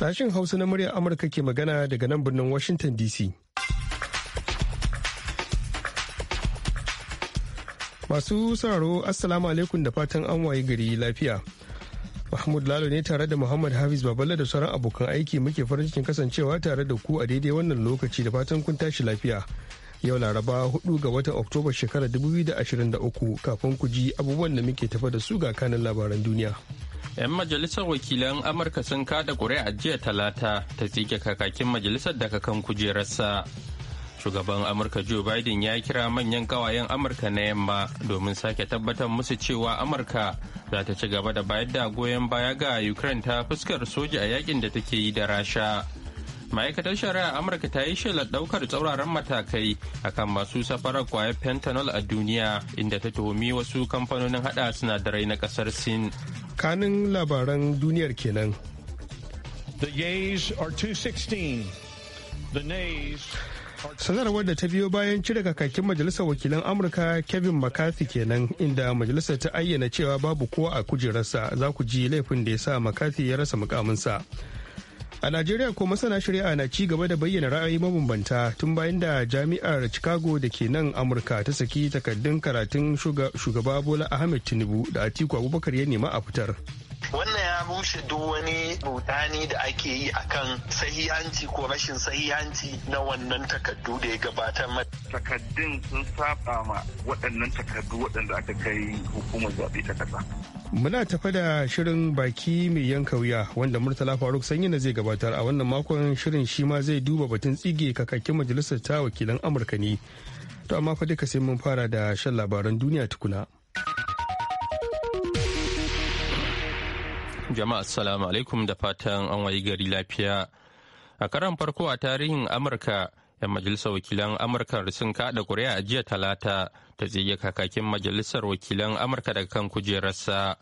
Sashen Hausa na muryar Amurka ke magana daga nan birnin Washington DC. Masu sararo Assalamu alaikum da fatan an waye gari lafiya. Mahmud Lalo ne tare da Muhammad Hafiz Baballa da sauran abokan aiki muke farin cikin kasancewa tare da ku a daidai wannan lokaci da fatan kun tashi lafiya. Yau Laraba 4 ga watan Oktoba shekarar 2023 kafin ku ji abubuwan da muke tafa da su ga kanin labaran duniya. 'Yan majalisar wakilan Amurka sun kada ƙuri'a jiya talata ta tsike kakakin majalisar daga kan kujerarsa. Shugaban Amurka Joe Biden ya kira manyan kawayen Amurka na yamma domin sake tabbatar musu cewa Amurka za ta ci gaba da bayar da goyon baya ga Ukraine ta fuskar soja a yakin da take yi da Rasha. ma'aikatar shari'a amurka ta yi shelar daukar tsauraran matakai akan masu safarar kwayar fentanyl a duniya inda ta tuhumi wasu kamfanonin hada sinadarai na kasar sin tsakanin labaran duniyar kenan Sanar wadda sanarwar da ta biyo bayan cire kakakin majalisar wakilan amurka kevin mccarthy kenan inda majalisar ta ayyana cewa babu kowa a kujerarsa za ku ji laifin da ya sa mccarthy ya rasa mukaminsa. A Najeriya ko masana shari'a na ci gaba da bayyana ra'ayi mabambanta tun bayan da jami'ar Chicago da ke nan Amurka ta saki takaddun karatun shugaba Bola Ahmed Tinubu da Atiku Abubakar ya nema a fitar. wannan ya rushe duk wani rudani da ake yi akan sahihanci ko rashin sahihanci na wannan takardu da ya gabata mata takaddun sun saba ma waɗannan takardu waɗanda aka kai hukumar zaɓe ta ƙasa muna tafa da shirin baki mai yanka wuya wanda murtala faruk sanyi na zai gabatar a wannan makon shirin shi ma zai duba batun tsige kakakin majalisar ta wakilan amurka ne to amma fa duka sai mun fara da shan labaran duniya tukuna. Jama'a assalamu alaikum da fatan an wayi gari lafiya. A karan farko a tarihin Amurka, 'yan majalisar wakilan Amurka sun kada kuri'a a jiya talata ta tsege kakakin majalisar wakilan Amurka daga kan kujerarsa.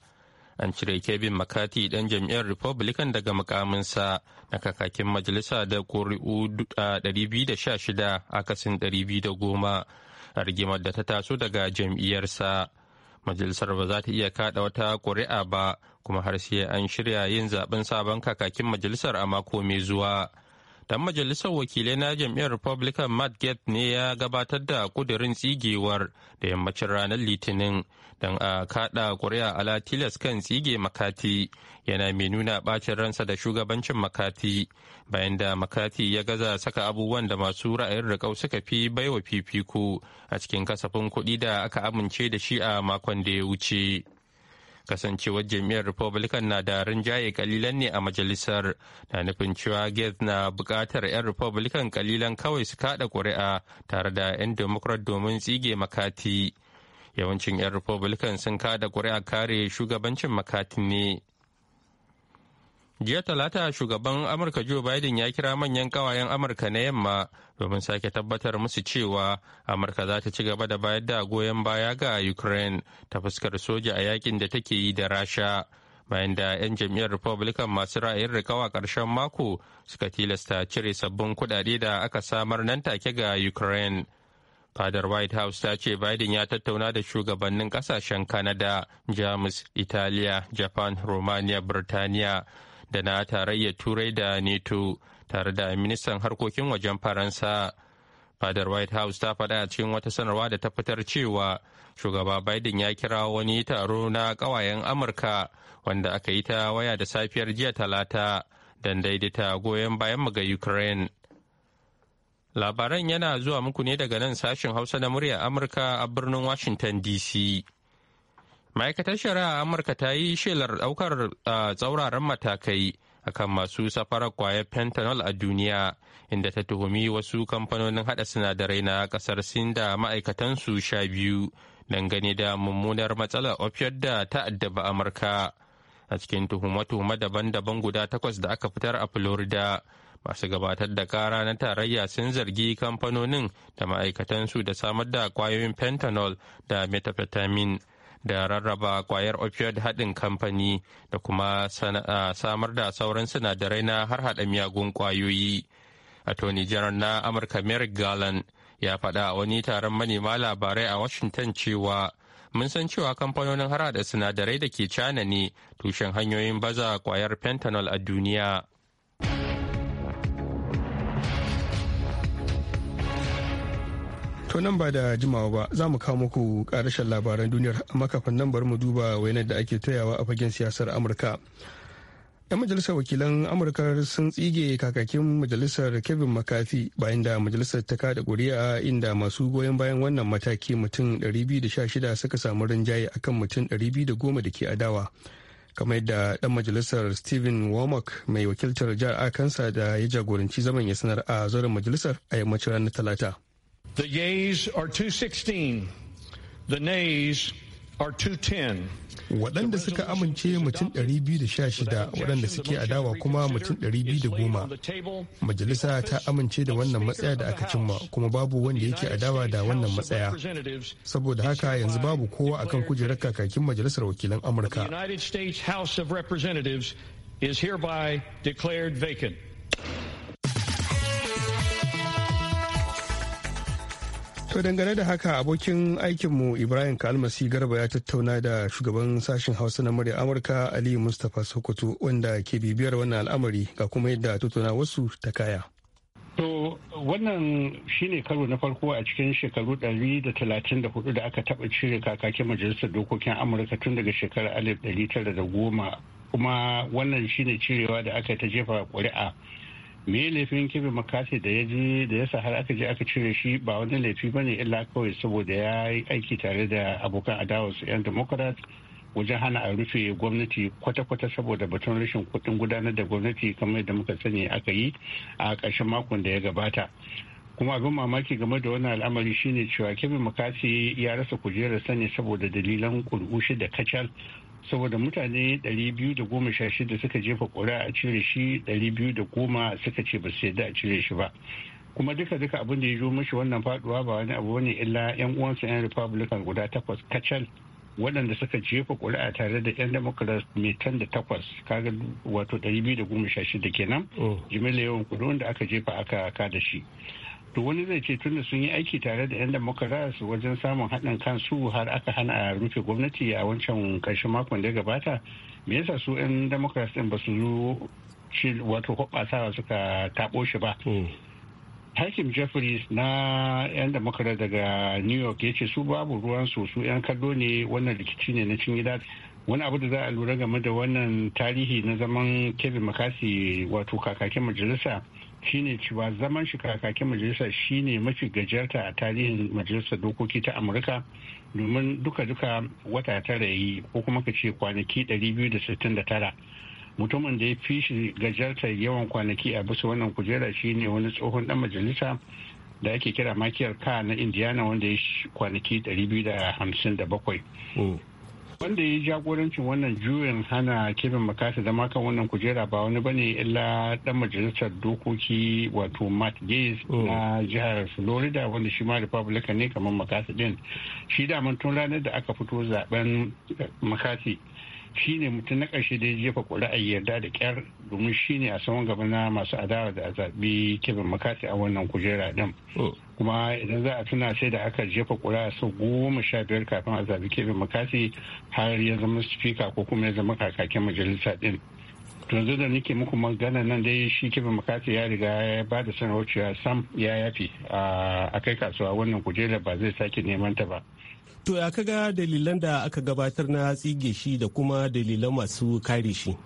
An cire Kevin makati dan jam'iyyar Republican daga mukaminsa na kakakin majalisa da kuri'u 216 akasin 210 a rigimar da ta taso daga jam'iyyarsa. Majalisar ba za ta iya kada wata kuri'a ba kuma har sai an shirya yin zaben sabon kakakin majalisar a mako mai zuwa. Dan majalisar wakilai na jam'iyyar Republican Matt Gaetz ne ya gabatar da kudirin tsigewar da yammacin ranar Litinin don a kada ƙuri'a ala tilas kan tsige Makati yana mai nuna ɓacin ransa da shugabancin Makati bayan da Makati ya gaza saka abubuwan da masu ra'ayin riƙau suka fi baiwa fifiko a cikin kasafin kuɗi da aka amince da shi a makon da ya wuce. kasancewar jam'iyyar republican na da rinjaye kalilan ne a majalisar na nufin cewa gates na bukatar 'yan republican kalilan kawai su kada kuri'a tare da 'yan democrat domin tsige makati yawancin 'yan republican sun kada kuri'a kare shugabancin makati ne Jiya Talata shugaban Amurka Joe Biden ya kira manyan kawayen Amurka na yamma domin sake tabbatar musu cewa Amurka za ta ci gaba da bayar da goyon baya ga Ukraine ta fuskar soja a yakin da take yi da Rasha. Bayan da 'yan jam'iyyar Republican masu ra'ayin rikawa ƙarshen mako suka tilasta cire sabbin kuɗaɗe da aka samar nan take ga Ukraine. fadar white house ta ce biden ya tattauna da shugabannin kasashen canada jamus italiya japan romania birtaniya da na tarayyar turai da neto tare da ministan harkokin wajen faransa fadar white house ta faɗa a cikin wata sanarwa da ta fitar cewa shugaba biden ya kira wani taro na ƙawayen amurka wanda aka yi ta waya da safiyar jiya talata don daidaita goyon bayan ga ukraine labaran yana zuwa muku ne daga nan sashen hausa na murya amurka a birnin washington dc ma'aikatar shari'a amurka ta yi shelar daukar tsauraran matakai akan masu safarar kwayar fentanyl a duniya inda ta tuhumi wasu kamfanonin hada sinadarai na kasar sin da ma'aikatansu sha biyu dangane da mummunar matsalar opioid da ta addaba amurka a cikin tuhume-tuhume daban-daban guda takwas da aka fitar a florida masu gabatar da kara na tarayya sun zargi kamfanonin da ma'aikatansu da samar da kwayoyin fentanyl da methamphetamine da rarraba kwayar opioid haɗin kamfani da kuma samar da sauran sinadarai na har haɗa miyagun kwayoyi. Attorney General na Amurka Merrick Garland ya faɗa a wani taron manema labarai a Washington cewa mun san cewa kamfanonin har haɗa sinadarai da ke cana ne tushen hanyoyin baza kwayar fentanyl a duniya. To nan ba da jimawa ba za mu kawo muku karashen labaran duniyar amma kafin nan bari mu duba wayanar da ake tayawa a fagen siyasar Amurka. 'Yan majalisar wakilan Amurka sun tsige kakakin majalisar Kevin McCarthy bayan da majalisar ta kada ƙuri'a inda masu goyon bayan wannan mataki mutum 216 suka samu rinjaye akan mutum 210 da ke adawa. kamar yadda dan majalisar Stephen Womack mai wakiltar jihar Arkansas da ya jagoranci zaman ya sanar a zaren majalisar a yammacin ranar Talata. The yeas are 216, the nays are 210. waɗanda suka amince mutum 216 waɗanda suke adawa kuma mutum 210 majalisa ta amince da wannan matsaya da aka cimma kuma babu wanda yake adawa da wannan matsaya saboda haka yanzu babu kowa akan kujerar kakakin majalisar wakilan amurka United House of representatives is hereby declared vacant. To dangane da haka abokin aikinmu Ibrahim Kalmasi Garba ya tattauna da shugaban sashen Hausa na murya Amurka Ali Mustapha Sokoto wanda ke bibiyar wannan al'amari ga kuma yadda tattauna wasu ta kaya. To wannan shine karo na farko a cikin shekaru 134 da aka taba cire kakakin majalisar dokokin Amurka tun daga shekarar 1910 kuma wannan shine cirewa da aka ta jefa kuri'a. me laifin kebe makasi da ya je da ya sa har aka je aka cire shi ba wani laifi ba ne illa kawai saboda ya yi aiki tare da abokan adawa su 'yan democrats wajen hana a rufe gwamnati kwata-kwata saboda batun rashin kuɗin gudanar da gwamnati kamar yadda muka sani aka yi a ƙarshen makon da ya gabata kuma abin mamaki game da wannan al'amari shine cewa kebe mccarthy ya rasa kujerar sani saboda dalilan kurkushi da kacal saboda mutane 216 suka jefa kuri'a a cire shi 210 suka ce ba su yadda a cire shi ba kuma duka duka abin da ya zo mashi wannan faduwa ba wani abu ne illa yan uwansa yan republican guda takwas kacal waɗanda suka jefa kuri'a tare da yan democrat mai tan da takwas kaga wato 216 kenan oh. jimila yawan kudin da aka jefa aka kada shi to wani zai ce tunda sun yi aiki tare da 'yan democrats wajen samun haɗin kansu har aka hana a rufe gwamnati a wancan ƙarshen makon da ya gabata me yasa su 'yan democrats ɗin ba su zo wato hoɓasawa suka taɓo shi ba hmm. hakim jeffries na 'yan democrat daga new york ya ce su babu ruwan su su 'yan kallo ne wannan rikici ne na cin gida wani abu da za a lura game da wannan tarihi na zaman kevin makasi wato kakakin majalisa shine cewa zaman shi kakakin majalisa shine mafi gajarta a tarihin majalisar dokoki ta amurka domin duka-duka wata tara yi ko kuma ka ce kwanaki 269 mutumin da ya fi shi gajartar yawan kwanaki a bisa wannan kujera shine wani tsohon dan majalisa da ake kira makiyar ka na indiana wanda ya kwanaki 257 wanda ya yi jagorancin wannan juyin hana kevin makasa zama kan wannan kujera ba wani bane illa dan majalisar dokoki wato matt gates mm. na jihar florida wanda shi ma republican ne kamar makasa din shi da tun ranar da aka fito zaben eh, makasa shi ne mutum na ƙarshe da ya jefa ƙuri'a yarda da ƙyar domin shi ne a saman gaba na masu adawa da a zaɓi kevin makasi a wannan kujera din mm. kuma idan za a tuna sai da aka jefa a sau goma sha biyar kafin a zabi kebe makasi har ya zama spika ko kuma ya zama kakakin majalisa din yanzu da nake muku magana nan dai shi kebe makasi ya riga ya ba da sanarwar cewa sam ya yafi a kai kasuwa wannan kujerar ba zai sake neman ta ba to ya kaga dalilan da aka gabatar na tsige shi da kuma dalilan masu kare shi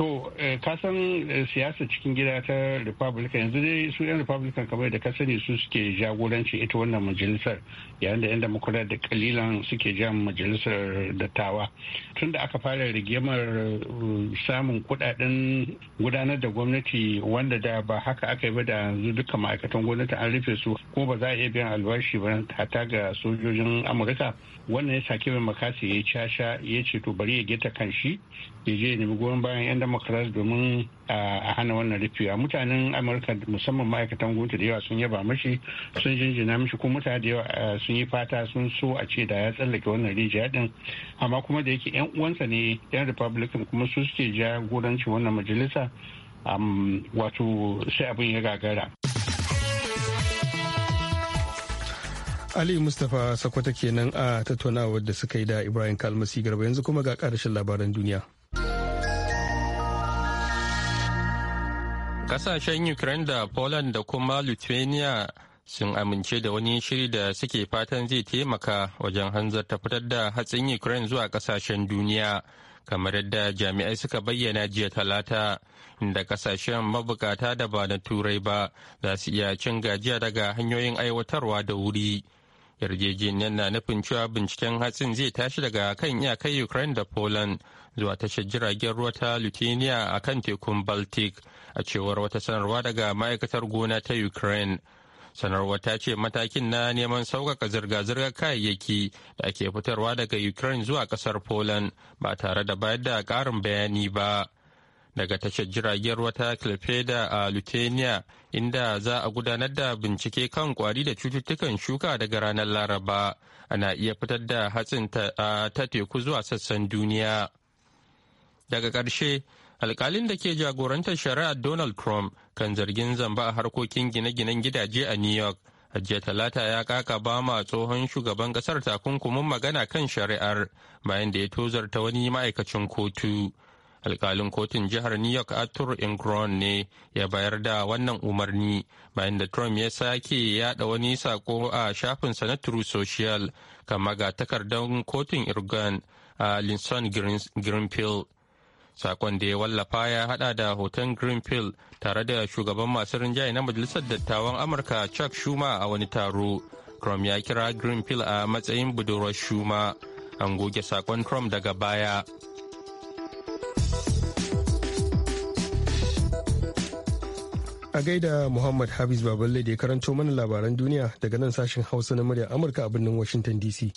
To, eh, kasan eh, siyasa cikin gida ta Republican yanzu dai su 'yan Republican kamar da ka sani su suke jagoranci ita wannan majalisar yayin da 'yan Democrat da kalilan suke jan majalisar dattawa. Tun da aka fara rigimar eh, samun kudaden gudanar da gwamnati wanda da ba haka aka yi ba da yanzu duka ma'aikatan gwamnati an rufe su ko ba za a iya biyan albashi ba hata ga sojojin Amurka. Wannan ya sake mai makasi ya yi casha ya ce to bari ya geta kanshi ya je ya nemi goyon bayan 'yan democrats domin a hana wannan rufewa mutanen amurka musamman ma'aikatan gwamnati da yawa sun yaba mashi sun jinjina mashi kuma mutane da yawa sun yi fata sun so a ce da ya tsallake wannan rijiya din amma kuma da yake yan uwansa ne yan republican kuma su suke jagoranci wannan majalisa wato sai abin ya gagara Ali Mustapha Sakwata kenan a tattaunawar da suka yi da Ibrahim Kalmasi Garba yanzu kuma ga ƙarashin labaran duniya. Kasashen Ukraine da Poland da kuma Lithuania sun amince da wani shiri da suke fatan zai taimaka wajen hanzar ta fitar da hatsin Ukraine zuwa kasashen duniya. kamar yadda jami'ai suka bayyana jiya talata inda kasashen mabukata da ba na turai ba za su iya cin gajiya daga hanyoyin aiwatarwa da wuri. yarjejeniyar na nufin cewa binciken hatsin zai tashi daga kan iyakar ukraine da poland zuwa tashar jiragen ruwa ta lithuania a kan tekun baltic a cewar wata sanarwa daga ma'aikatar gona ta ukraine sanarwa ta ce matakin na neman sauƙaƙa zirga-zirgar kayayyaki da ake fitarwa daga ukraine zuwa ƙasar poland ba tare da bayar da ƙarin bayani ba. daga tashar jiragen ruwa ta a Lithuania inda za a gudanar da bincike kan kwari da cututtukan shuka daga ranar Laraba ana iya fitar da hatsin ta teku zuwa sassan duniya. Daga ƙarshe, alkalin da ke jagorantar shari'ar Donald Trump kan zargin zamba a harkokin gine-ginen gidaje a New York a talata ya kaka ba ma tsohon shugaban kasar takunkumin magana kan shari'ar bayan da ya tozarta wani ma'aikacin kotu. alkalin kotun jihar new york arthur ingron ne ya bayar da wannan umarni bayan da trump ya sake yada wani sako a shafin na true social kama ga takardar kotun irgan a linson greenfield sakon da ya wallafa ya hada da hoton greenfield tare da shugaban masu rinjaye na majalisar dattawan amurka chuck schumer a wani taro trump ya kira greenfield a matsayin budurwar schumer an goge sakon trump daga baya A gaida Muhammad Habis Baballe da ya karanto mana labaran duniya daga nan sashen Hausa na murya Amurka a birnin Washington DC.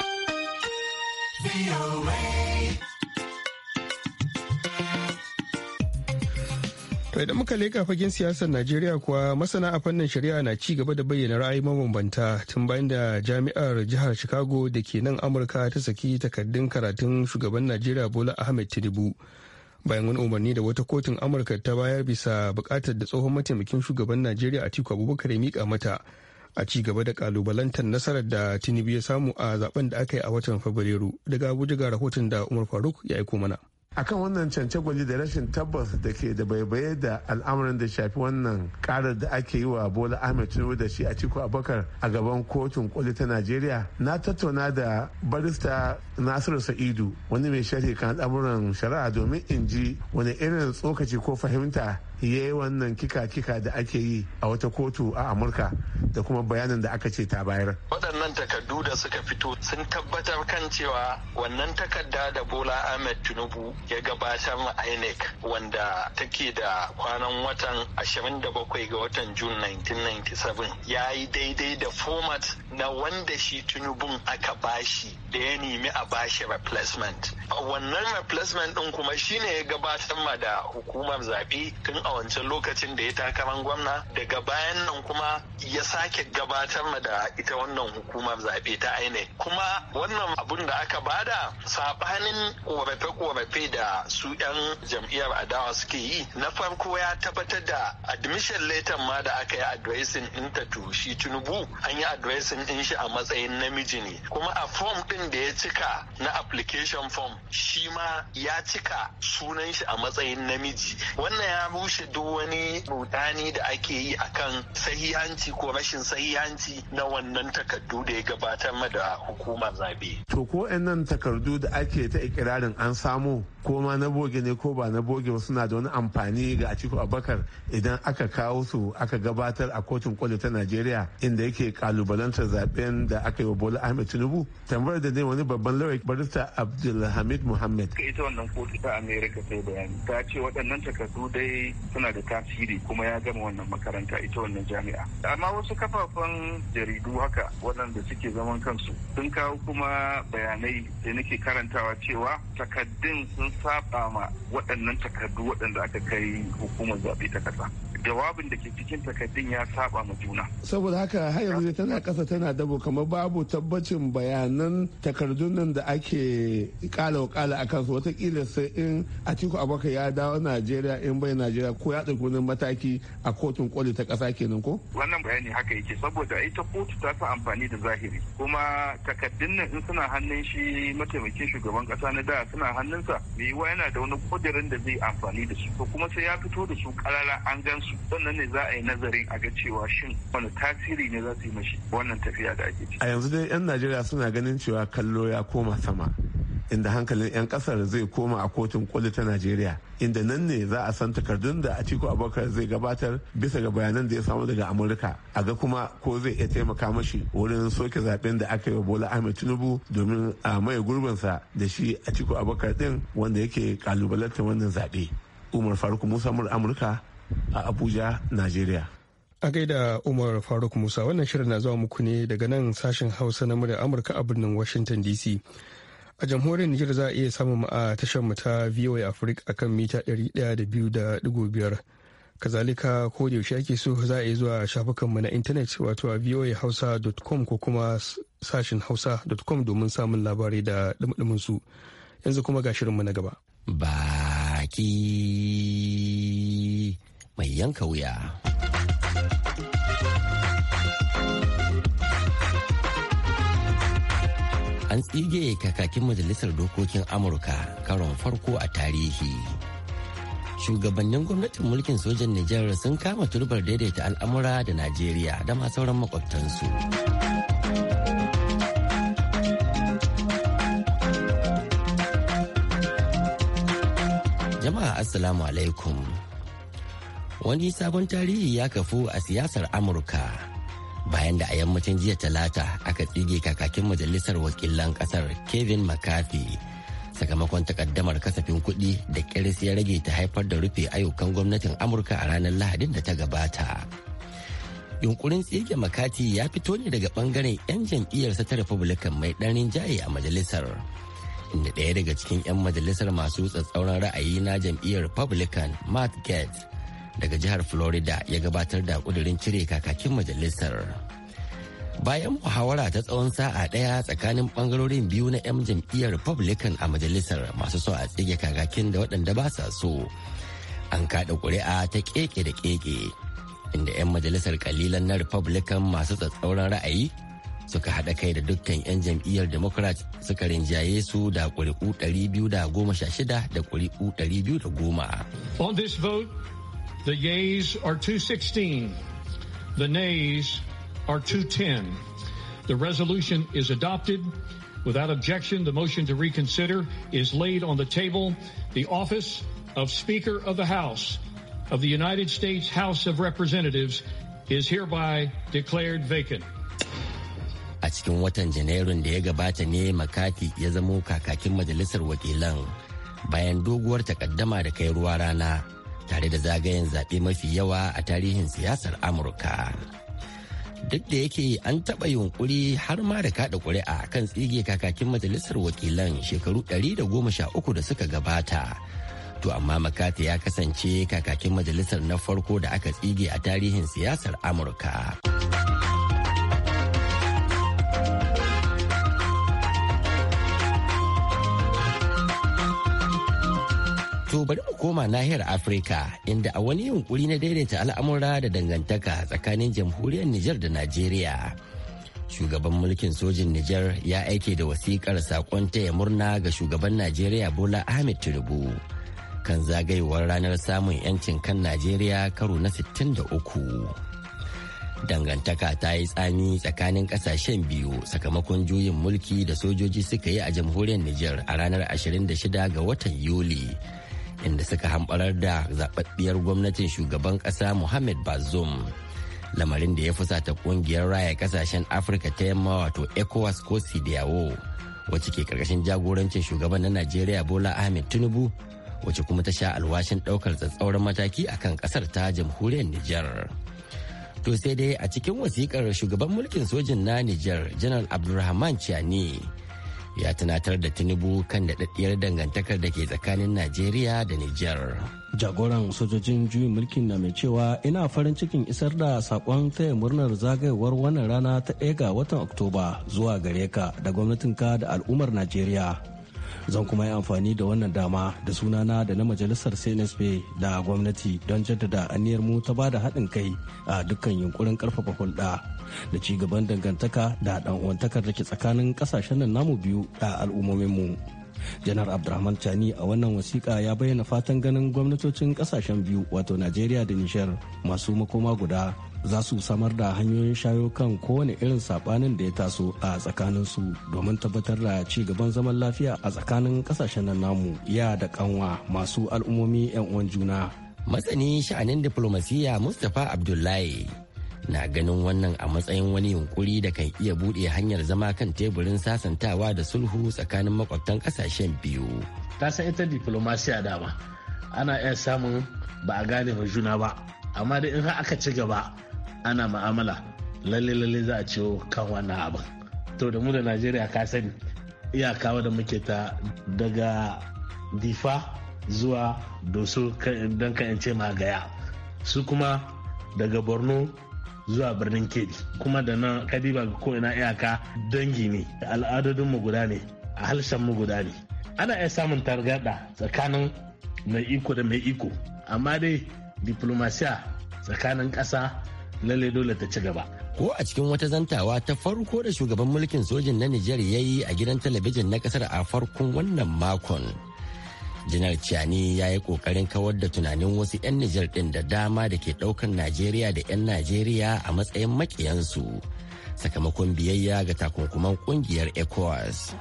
To idan muka leƙa fagen siyasar Najeriya kuwa masana a fannin shari'a na ci gaba da bayyana ra'ayi mabambanta tun bayan da jami'ar jihar Chicago da ke nan Amurka ta saki takardun karatun shugaban Najeriya Bola Ahmed Tinubu bayan wani umarni da wata kotun amurka ta bayar bisa bukatar da tsohon mataimakin shugaban najeriya a tiku abubakar ya mika mata a ci gaba da kalubalantar nasarar da tinubu ya samu a zaben da aka yi a watan fabrairu daga abuja ga rahoton da umar faruk ya aiko mana akan wannan cance gwaji da rashin tabbas da ke da baibaye da al'amarin da shafi wannan karar da ake yi wa bola ahmed tinubu da shi a ciko abakar a gaban kotun koli ta najeriya na tattauna da barista nasiru sa'idu wani mai sharhi kan al'amuran shari'a domin in ji wani irin tsokaci ko fahimta ya yi wannan kika-kika da ake yi a wata kotu a amurka da kuma bayanin da aka ce ta bayar waɗannan takardu da suka fito sun tabbatar kan cewa wannan takarda da bola ahmed tinubu ya gabatar ma inec wanda take da kwanan watan 27 ga watan june 1997 ya yi daidai da format na wanda shi tunubun aka bashi da ya nemi a bashi replacement wannan replacement ɗin kuma shi ne ya gabatar ma da hukumar zaɓe tun a wancan lokacin da ya takarar gwamna daga bayan nan kuma ya sake gabatar ma da ita wannan hukumar zaɓe ta aine kuma wannan abun da aka bada sabanin korafe-korafe da su 'yan jam'iyyar adawa suke yi na farko ya tabbatar da admission letter ma da aka yi addressing ɗinta to shi tunubu an yi addressing in shi a matsayin namiji ne kuma a form din da ya cika na application form shi ma ya cika sunan shi a matsayin namiji wannan ya rushe duk wani rudani da ake yi akan sahihanci ko rashin sahihanci na wannan takardu da ya gabatar da hukumar zabe to ko nan takardu da ake ta ikirarin an samu ko ma na boge ne ko ba na boge ba suna da wani amfani ga Atiku Abubakar idan aka kawo su aka gabatar a kotun koli ta Najeriya inda yake kalubalantar zaben da aka yi wa Bola Ahmed Tinubu tambayar da dai wani babban lauya barista Abdulhamid Muhammad. Ita wannan kotu ta Amerika sai bayani ta ce waɗannan takardu dai suna da tasiri kuma ya gama wannan makaranta ita wannan jami'a. Amma wasu kafafen jaridu haka waɗanda suke zaman kansu sun kawo kuma bayanai da nake karantawa cewa takardun sun saba ma waɗannan takardu waɗanda aka kai hukumar zaɓe ta ƙasa. jawabin da ke cikin takardun ya saba ma juna saboda haka har yanzu tana kasa tana dabo kamar babu tabbacin bayanan takardun nan da ake kala kala akan su watakila sai in atiku abaka ya dawo najeriya in bai najeriya ko ya ɗauki wani mataki a kotun koli ta ƙasa kenan ko wannan bayani haka yake saboda ita kotu ta fi amfani da zahiri kuma takardun nan in suna hannun shi mataimakin shugaban ƙasa na da suna hannunsa mai yiwuwa yana da wani kudirin da zai amfani da su ko kuma sai ya fito da su ƙarara an gan su sannan ne za a yi nazarin a ga cewa shin wani tasiri ne za su yi mashi wannan tafiya da ake ciki a yanzu dai yan najeriya suna ganin cewa kallo ya koma sama inda hankalin 'yan kasar zai koma a kotun koli ta najeriya inda nan ne za a san takardun da atiku abubakar zai gabatar bisa ga bayanan da ya samu daga amurka a ga kuma ko zai iya taimaka mashi wurin soke zaben da aka yi wa bola ahmed tinubu domin a maye gurbinsa da shi atiku abubakar din wanda yake kalubalantar wannan zaɓe umar faruk musa amurka a Abuja, Najeriya. A gaida Umar Faruk Musa wannan shirin na zuwa muku ne daga nan sashen Hausa na murya Amurka a birnin Washington DC. A jamhuriyar Nijar za a iya samun a tashar mu ta VOA Africa akan mita 102.5. Kazalika ko da yaushe ake so za a iya zuwa shafukanmu na intanet wato a voahausa.com ko kuma sashen hausa.com domin samun labarai da dumdumin su. Yanzu kuma ga shirinmu na gaba. Baki mai yanka wuya. An tsige kakakin Majalisar Dokokin Amurka karon farko a tarihi. Shugabannin gwamnatin mulkin sojan Nijar sun kama turbar daidaita al'amura da Najeriya da ma sauran makwabtansu. Jama'a Assalamu alaikum. wani sabon tarihi ya kafu a siyasar amurka bayan da a yammacin jiya talata aka tsige kakakin majalisar wakilan kasar kevin mccarthy sakamakon takaddamar kasafin kuɗi da kiris ya rage ta haifar da rufe ayyukan gwamnatin amurka a ranar lahadin da ta gabata yunkurin tsige makati ya fito ne daga bangaren 'yan jam'iyyarsa ta republican mai ɗanin jaye a majalisar inda ɗaya daga cikin 'yan majalisar masu tsatsauran ra'ayi na jam'iyyar republican matt gaetz daga jihar Florida ya gabatar da kudirin cire kakakin majalisar. Bayan muhawara ta tsawon sa'a daya tsakanin bangarorin biyu na 'yan jam'iyyar Republican a majalisar masu so a tsige kakakin da waɗanda ba sa so. An kaɗa ƙuri'a ta keke da keke inda 'yan majalisar kalilan na Republican masu tsatsauran ra'ayi suka haɗa kai da dukkan 'yan jam'iyyar Democrat suka rinjaye su da ƙuri'u 216 da ƙuri'u 210. The yeas are 216. The nays are 210. The resolution is adopted. Without objection, the motion to reconsider is laid on the table. The office of Speaker of the House of the United States House of Representatives is hereby declared vacant. A cikin watan Janairun da ya gabata ne Makati ya zamo kakakin majalisar wakilan bayan doguwar takaddama da kai ruwa rana tare da zagayen zaɓe mafi yawa a tarihin siyasar amurka duk da yake an taɓa yunkuri har ma da kaɗa ƙuri'a kan tsige kakakin majalisar wakilan shekaru 113 da suka gabata to amma makati ya kasance kakakin majalisar na farko da aka tsige a tarihin siyasar amurka To bari mu koma nahiyar Afirka inda a wani yunkuri na daidaita al'amura da dangantaka tsakanin jamhuriyar Nijar da Najeriya. Shugaban mulkin sojin Nijar ya aike da wasikar saƙon taya murna ga shugaban Najeriya Bola Ahmed Tinubu kan zagayowar ranar samun 'yancin kan Najeriya karo na 63. dangantaka ta yi tsami tsakanin kasashen biyu sakamakon juyin mulki da sojoji suka yi a jamhuriyar Nijar a ranar 26 ga watan Yuli inda suka hamɓarar da zaɓaɓɓiyar gwamnatin shugaban ƙasa Muhammad Bazoum. Lamarin da ya fusata ƙungiyar raya ƙasashen Afirka ta yamma wato ECOWAS ko CDAO wacce ke ƙarƙashin jagorancin shugaban na Najeriya Bola Ahmed Tinubu wacce kuma ta sha alwashin ɗaukar tsatsauran mataki a kan ƙasar ta jamhuriyar Nijar. To sai dai a cikin wasikar shugaban mulkin sojin na Nijar, Janar Abdulrahman Chiani. ya tunatar da tinubu kan daɗaɗɗiyar dangantakar da ke tsakanin najeriya da niger. jagoran sojojin juyin mulkin na mai cewa ina farin cikin isar da sakon taya murnar zagayowar wannan rana ta ɗaya ga watan oktoba zuwa gare ka da ka da al'ummar najeriya zan kuma yi amfani da wannan dama da sunana da na majalisar cnsp da gwamnati don jaddada aniyar mu ta ba da haɗin kai a dukkan yunkurin ƙarfafa hulɗa da ci gaban dangantaka da dan uwantakar da ke tsakanin kasashen nan namu biyu da al'ummomin mu janar abdulrahman Chani a wannan wasiƙa ya bayyana fatan ganin gwamnatocin ƙasashen biyu wato najeriya da nishar masu makoma guda za su samar da hanyoyin shayo kan kowane irin saɓanin da ya taso a tsakanin su domin tabbatar da ci gaban zaman lafiya a tsakanin ƙasashen nan namu ya da kanwa masu al'ummomi 'yan uwan juna matsani sha'anin diplomasiya mustapha abdullahi na ganin wannan a matsayin wani yunkuri da kan iya buɗe hanyar zama kan teburin sasantawa da sulhu tsakanin makwabtan ƙasashen biyu. Ta san ita diplomasiya dama ana iya samun ba a gane wa juna ba amma da in har aka ci gaba ana ma'amala lalle lalle za a ciwo kan wannan abin. To da mu da Najeriya ka sani iyaka da muke ta daga difa zuwa doso don kan ce magaya su kuma daga borno zuwa birnin kebbi kuma da nan kadiba ko ina iyaka dangi ne al'adodinmu guda ne a mu guda ne ana iya samun targada tsakanin mai iko da mai iko amma dai diplomasiya tsakanin ƙasa lalle dole ta ci gaba ko a cikin wata zantawa ta farko da shugaban mulkin sojin na Nijar ya yi a gidan talabijin na kasar a farkon wannan makon janar ciyani ya yi kokarin kawar da tunanin wasu 'yan nijar din da dama da ke daukan najeriya da 'yan najeriya a matsayin makiyansu sakamakon biyayya ga takunkuman kungiyar ecowas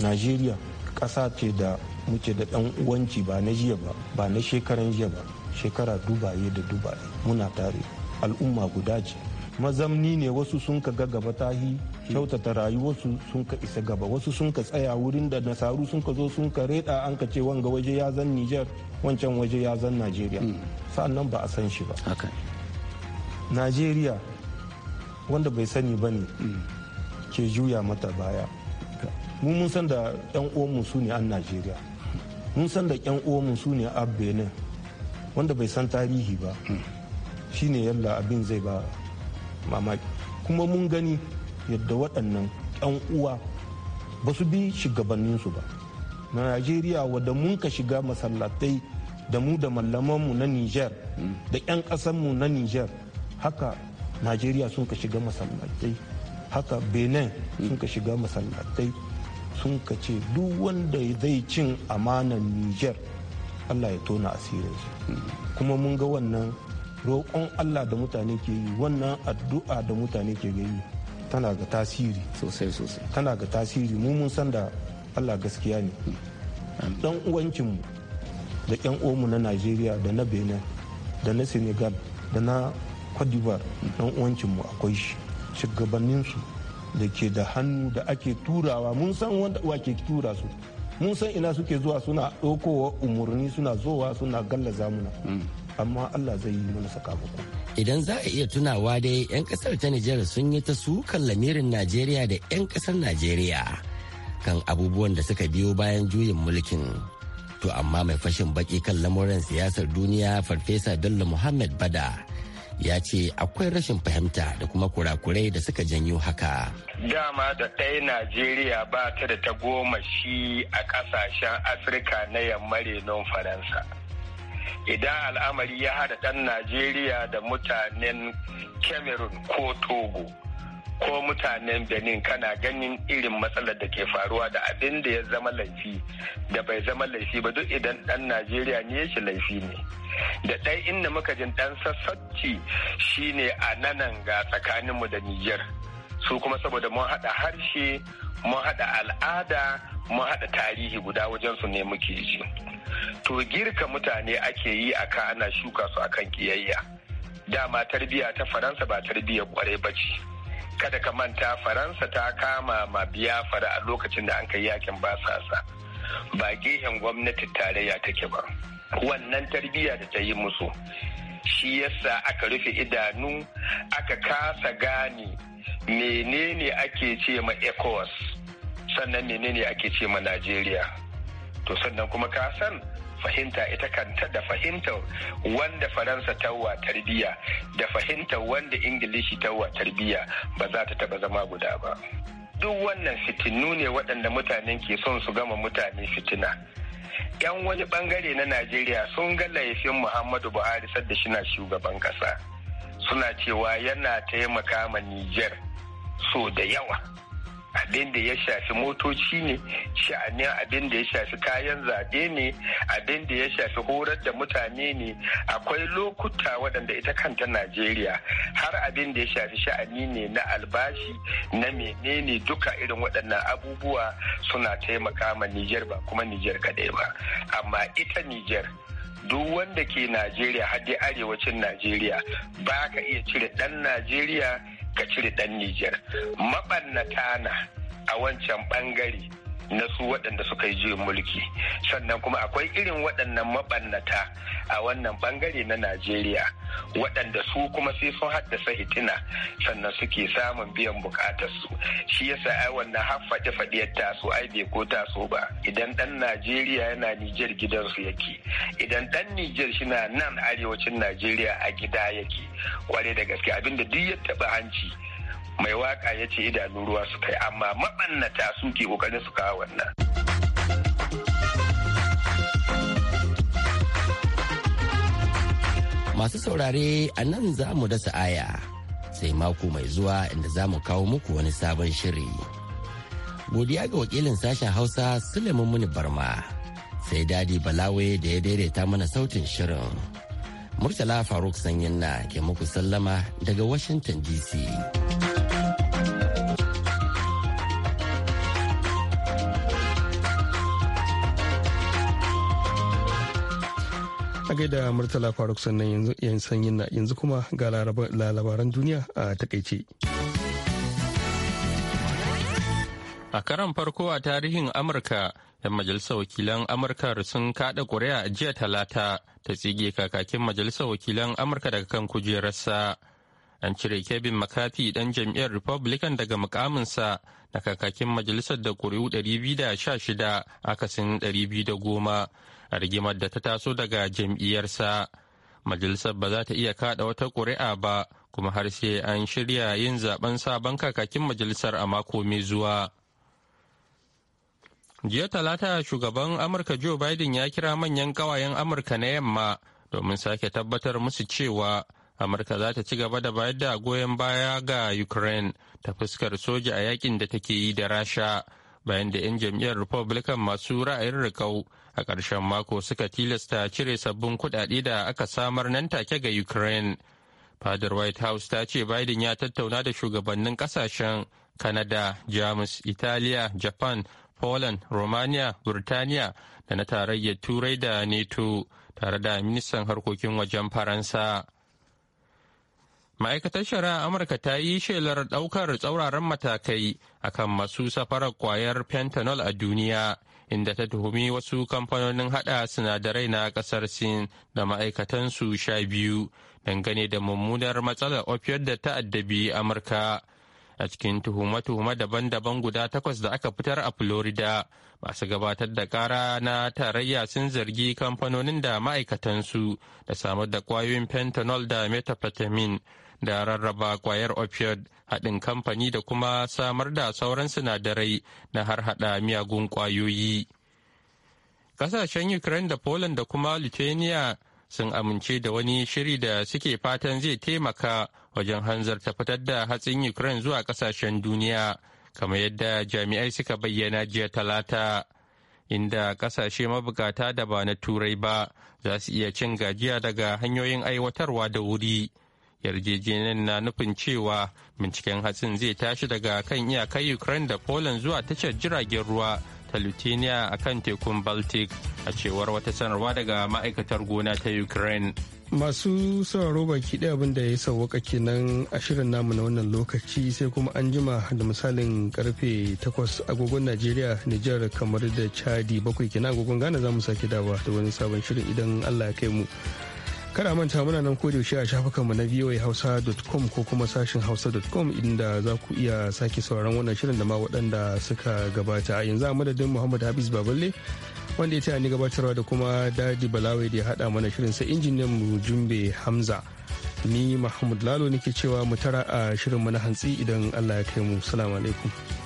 najeriya ƙasa ce da muke da ɗan uwanci ba na jiya ba ba na shekaran jiya ba shekara dubaye da dubaye muna tare al'umma guda ce mazamni ne wasu sun ka gaba tahi kyautata rayuwarsu sun ka isa gaba wasu sun ka tsaya wurin da nasaru sun ka zo sun ka reda an ka ce wanga waje ya zan Nijar wancan waje ya zan Najeriya hmm. sa'annan ba a san shi ba Najeriya wanda bai sani ba ne hmm. ke juya mata baya mu mun san da yan uwanmu su ne an Najeriya mun san da yan uwanmu su ne a Benin wanda bai san tarihi ba hmm. shine yalla abin zai ba mamaki kuma mun gani yadda waɗannan 'yan uwa ba su bi shugabanninsu ba na najeriya wadda mun ka shiga masallatai da mu da mallamanmu na niger da 'yan ƙasanmu na niger haka najeriya sun ka shiga masallatai haka benin sun ka shiga masallatai sun ka ce duk wanda zai cin amanan niger allah ya tona asirinsu kuma mun ga wannan roƙon allah da mutane ke yi wannan addu'a da mutane ke yi tana ga tasiri sosai sosai tana ga tasiri mu mun san da allah gaskiya ne dan mu da yan mu na najeriya da na benin da na senegal da na cote dan uwancinmu akwai shi su da ke da hannu da ake turawa mun san wanda ke tura su mun san ina suke zuwa suna ɗaukowa umarni suna zowa suna gallaza muna mm. amma Allah zai yi mana ku. Idan za a iya tunawa dai 'yan kasar ta Nijar sun yi ta sukan lamirin Najeriya da 'yan kasar Najeriya kan abubuwan da suka biyo bayan juyin mulkin. To amma mai fashin baki kan lamuran siyasar duniya Farfesa Bello Muhammad Bada ya ce akwai rashin fahimta da kuma kurakurai da suka janyo haka. Dama da ɗaya Najeriya ba ta da ta goma shi a ƙasashen Afirka na yamma renon Faransa. idan al'amari ya haɗa ɗan najeriya da mutanen cameroon ko togo ko mutanen benin kana ganin irin matsalar da ke faruwa da abin da ya zama laifi da bai zama laifi ba duk idan ɗan najeriya ne shi laifi ne da ɗai inda muka jin dan sassacci shine a nanan ga tsakaninmu da niger su kuma saboda mun haɗa harshe mun haɗa al'ada mun haɗa tarihi guda wajen su ne muke ji to girka mutane ake yi a ka ana shuka su a kan kiyayya dama tarbiyya ta faransa ba tarbiyya kwarai ba ce kada ka manta faransa ta kama ma biyafara a lokacin da an kai yakin basasa ba gehen gwamnati tarayya take ba wannan tarbiyya da ta yi musu shi yasa aka rufe idanu aka kasa gane menene ake ce ma ecowas sannan menene ake ce ma najeriya to sannan kuma ka san fahimta ita kanta da fahimtar wanda faransa tawa tarbiya da fahimtar wanda ingilishi tawa tarbiya ba za ta taba zama guda ba duk wannan fitinu ne waɗanda mutanen ke son su gama mutane fitina yan wani bangare na najeriya sun ga laifin muhammadu buhari sadda na shugaban ƙasa suna cewa yana taimaka ma niger so da yawa abin da ya shafi motoci ne sha'anin abin da ya shafi kayan zaɓe ne abin da ya shafi horar da mutane ne akwai lokuta waɗanda ita kanta najeriya har abin da ya shafi sha'ani ne na albashi na menene duka irin waɗannan abubuwa suna taimaka ma nijar ba kuma nijar kaɗai ba amma ita nijar duk wanda ke najeriya har dai arewacin najeriya ba ka iya cire ɗan najeriya ka cire ɗan Nijar. Maɓannata na a wancan ɓangare na su waɗanda suka yi juyin mulki sannan kuma akwai irin waɗannan maɓannata a wannan bangare na najeriya waɗanda su kuma sai sun haddasa hitina sannan suke samun biyan bukatarsu shi yasa ai wannan har faɗi faɗiyar taso ai bai ko taso ba idan ɗan najeriya yana nijar gidansu yake idan ɗan nijar shina nan arewacin najeriya a gida yake kware da gaske abinda duk ya taɓa hanci mai waka ya ce idanu ruwa su kai amma maɓannata su ke kokarin su kawo wannan masu saurare a nan za mu dasa aya sai mako mai zuwa inda za mu kawo muku wani sabon shiri godiya ga wakilin sashen hausa suleiman muni barma sai dadi balawe da ya daidaita mana sautin shirin murtala faruk sanyin na ke muku sallama daga washington dc a gaida murtala faruk sannan na yanzu kuma ga labaran duniya a takaice a karan farko a tarihin amurka yan majalisar wakilan amurka sun kaɗa kuri'a jiya talata ta tsige kakakin majalisar wakilan amurka daga kan kujerarsa an cire kevin mccarthy dan jam'iyyar republican daga mukaminsa na kakakin majalisar da kuri'u 216 akasin 210 a rigimar da ta taso daga jam'iyyarsa majalisar ba za ta iya kada wata ƙuri'a ba kuma har sai an shirya yin zaben sabon kakakin majalisar a mako mai zuwa jiya talata shugaban amurka joe biden ya kira manyan ƙawayen amurka na yamma domin sake tabbatar musu cewa amurka za ta ci gaba da bayar da goyon baya ga ukraine ta fuskar soja a yakin da take yi da rasha bayan da 'yan jam'iyyar republican masu ra'ayin rikau a ƙarshen mako suka tilasta cire sabbin kuɗaɗe da aka samar nan take ga ukraine fadar white house ta ce biden ya tattauna da shugabannin ƙasashen canada jamus italiya japan poland romania burtaniya da na tarayyar turai da neto tare da ministan harkokin wajen faransa ma'aikatar shari'a amurka ta yi shelar ɗaukar tsauraran matakai akan masu safarar kwayar fentanyl a duniya inda ta tuhumi wasu kamfanonin hada sinadarai na kasar sin da ma'aikatansu sha biyu dangane da mummunar matsalar opioid da ta addabi amurka a cikin tuhume-tuhume daban-daban guda takwas da aka fitar a florida masu gabatar da kara na tarayya sun zargi kamfanonin da ma'aikatansu da samar da kwayoyin fentanyl da methamphetamine da rarraba kwayar opioid haɗin kamfani da kuma samar da sauran sinadarai na har hada miyagun ƙwayoyi. ƙasashen Ukraine da Poland da kuma Lithuania sun amince da wani shiri da suke fatan zai taimaka wajen hanzarta fitar da hatsin Ukraine zuwa ƙasashen duniya, kamar yadda jami'ai suka bayyana jiya talata. inda ƙasashe mabukata da ba na turai ba za su iya cin gajiya daga hanyoyin aiwatarwa da wuri. yarjejeniyar na nufin cewa binciken hatsin zai tashi daga kan iyakar ukraine da poland zuwa tashar jiragen ruwa ta lithuania a kan tekun baltic a cewar wata sanarwa daga ma'aikatar gona ta ukraine masu sauraro baki ɗaya abin da ya sauwaka kenan a shirin namu na wannan lokaci sai kuma an jima da misalin karfe 8 agogon najeriya nijar kamar da chadi bakwai kenan agogon ghana za mu sake dawa da wani sabon shirin idan allah ya kai mu Kada manta muna nan ko yaushe a shafukanmu na voahausa.com ko kuma sashin hausa.com inda za ku iya sake sauran wannan shirin da ma waɗanda suka gabata. A yanzu a madadin Muhammad habis Baballe wanda ya taya ni gabatarwa da kuma Dadi balawai da ya haɗa mana shirin sai injiniyan mu Jumbe Hamza. Ni Mahmud Lalo nake cewa mu tara a shirin mu na hantsi idan Allah ya kai mu. Salamu alaikum.